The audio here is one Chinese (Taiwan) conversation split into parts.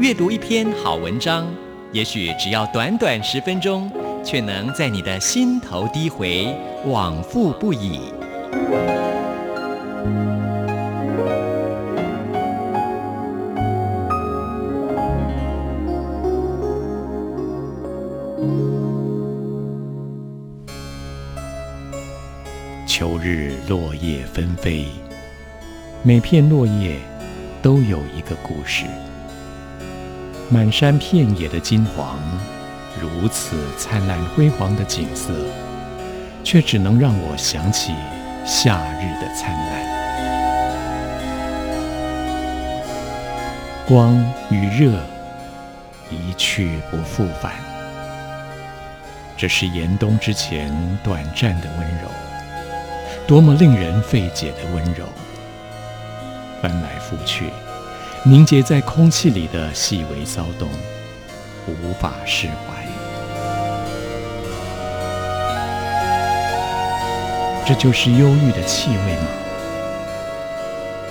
閱讀一篇好文章，也許只要短短十分鐘，卻能在你的心頭低回，往復不已。秋日落葉紛飛，每片落葉都有一個故事。滿山遍野的金黃，如此燦爛輝煌的景色，卻只能讓我想起夏日的燦爛。光與熱一去不復返，這是嚴冬之前短暫的溫柔，多麼令人費解的溫柔。翻來覆去。凝結在空氣裡的細微騷動，無法釋懷。這就是憂鬱的氣味嗎？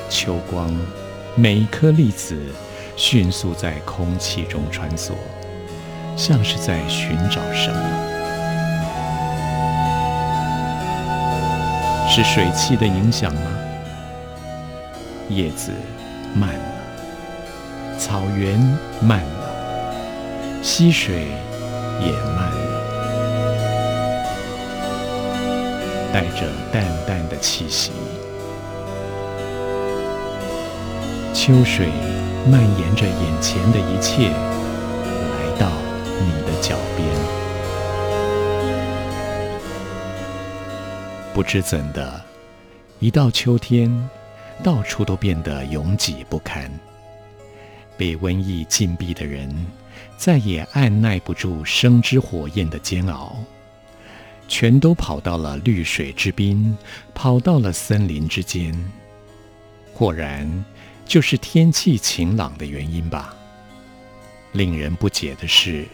秋光，每一顆粒子迅速在空氣中穿梭，像是在尋找什麼。是水汽的影響嗎？葉子慢。草原慢了，溪水也慢了，帶着淡淡的氣息，秋水蔓延着眼前的一切，來到你的腳邊。不知怎的，一到秋天，到處都變得擁擠不堪。被瘟疫禁閉的人，再也按捺不住生之火焰的煎熬，全都跑到了綠水之濱，跑到了森林之間。果然，就是天氣晴朗的原因吧。令人不解的是，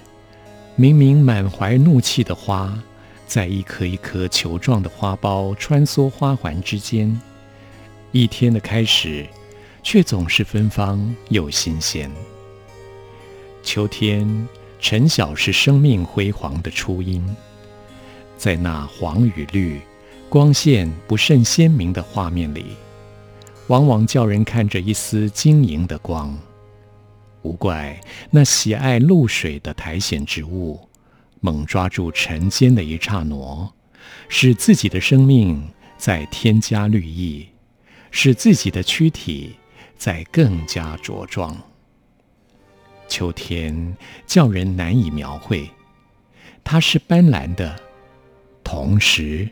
明明滿懷怒氣的花，在一顆一顆球狀的花苞穿梭花環之間，一天的開始。卻總是芬芳又新鮮。秋天，晨曉是生命輝煌的初音，在那黃與綠、光線不甚鮮明的畫面裡，往往叫人看着一絲晶瑩的光。無怪那喜愛露水的苔蘚植物，猛抓住晨間的一剎那，使自己的生命再添加綠意，使自己的軀體。在更加茁壯。秋天叫人難以描繪，它是斑斕的，同時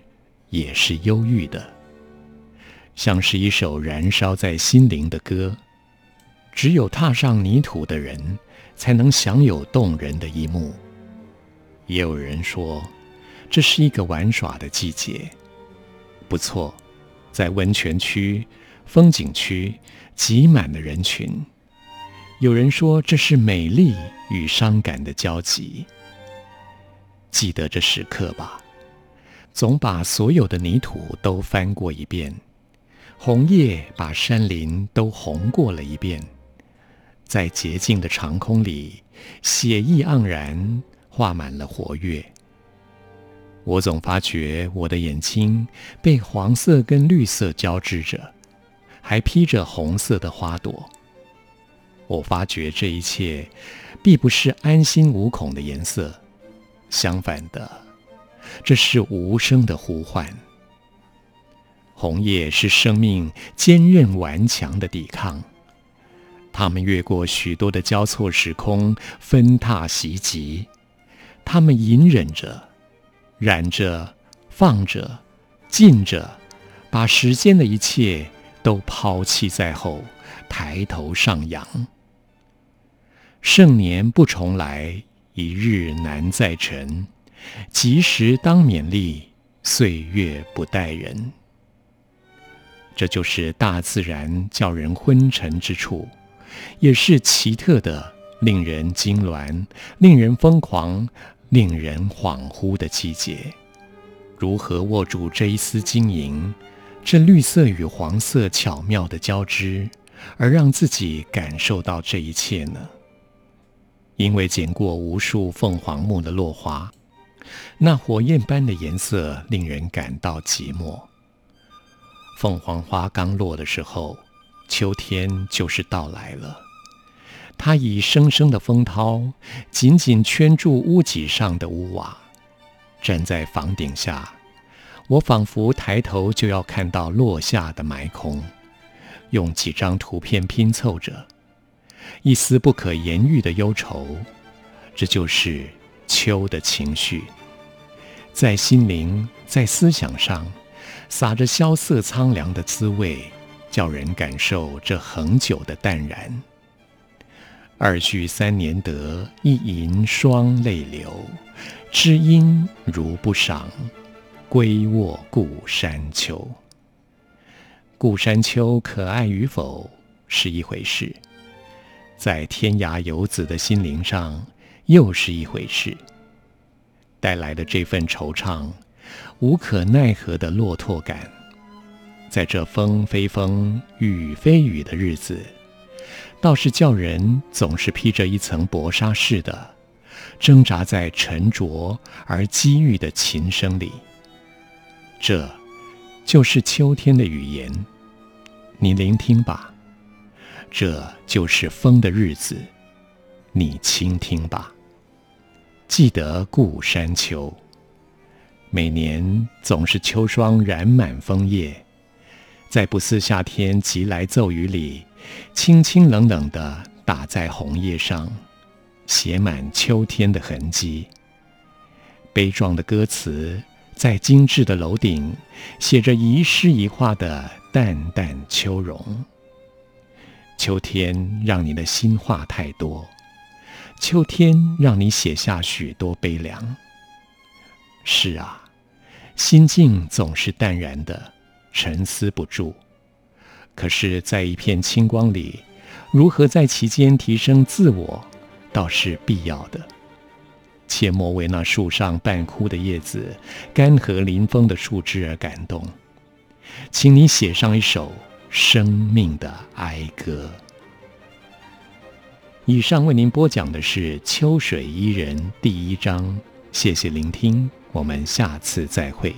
也是憂鬱的，像是一首燃燒在心靈的歌。只有踏上泥土的人，才能享有動人的一幕。也有人說，這是一個玩耍的季節。不錯，在溫泉區。風景區擠滿了人群。有人說，這是美麗與傷感的交集。記得這時刻吧，總把所有的泥土都翻過一遍，紅葉把山林都紅過了一遍，在潔淨的長空裡，寫意盎然，畫滿了活躍。我總發覺我的眼睛被黃色跟綠色交織着。還披着紅色的花朵，我發覺這一切，並不是安心無恐的顏色，相反的，這是無聲的呼喚。紅葉是生命堅韌頑、頑強的抵抗，它們越過許多的交錯時空，分踏襲擊，它們隱忍着，燃着，放着，近着，把時間的一切。都拋棄在後，抬頭上揚。盛年不重來，一日難再晨，及時當勉勵，歲月不待人。這就是大自然叫人昏沉之處，也是奇特的、令人痙攣、令人瘋狂、令人恍惚的季節。如何握住這一絲晶瑩？這綠色與黃色巧妙的交織，而讓自己感受到這一切呢？因為撿過無數鳳凰木的落花，那火焰般的顏色令人感到寂寞。鳳凰花剛落的時候，秋天就是到來了。它以生生的風濤，緊緊圈住屋脊上的屋瓦，啊。站在房頂下。我仿佛抬頭就要看到落下的埋空，用幾張圖片拼湊着，一絲不可言喻的憂愁。這就是秋的情緒，在心靈、在思想上，灑着蕭瑟蒼涼的滋味，叫人感受這恆久的淡然。二句三年得，一吟雙淚流，知音如不賞，歸臥故山丘。故山丘可愛與否，是一回事，在天涯游子的心靈上又是一回事。帶來的這份惆悵、無可奈何的落拓感，在這風非風、雨非雨的日子，倒是叫人總是披着一層薄紗似的，掙扎在沉着而積鬱的琴聲裡。這，就是秋天的語言，你聆聽吧；這就是風的日子，你傾聽吧。記得故山秋，每年總是秋霜染滿楓葉，在不似夏天急來驟雨裡，清清冷冷地打在紅葉上，寫滿秋天的痕跡。悲壯的歌詞。在精緻的樓頂，寫着一詩一畫的淡淡秋容。秋天讓你的心話太多，秋天讓你寫下許多悲涼。是啊，心境總是淡然的，沉思不住。可是，在一片清光裡，如何在其間提升自我，倒是必要的。切莫為那樹上半枯的葉子、乾涸臨風的樹枝而感動，請你寫上一首生命的哀歌。以上為您播講的是《秋水伊人》第一章，謝謝聆聽，我們下次再會。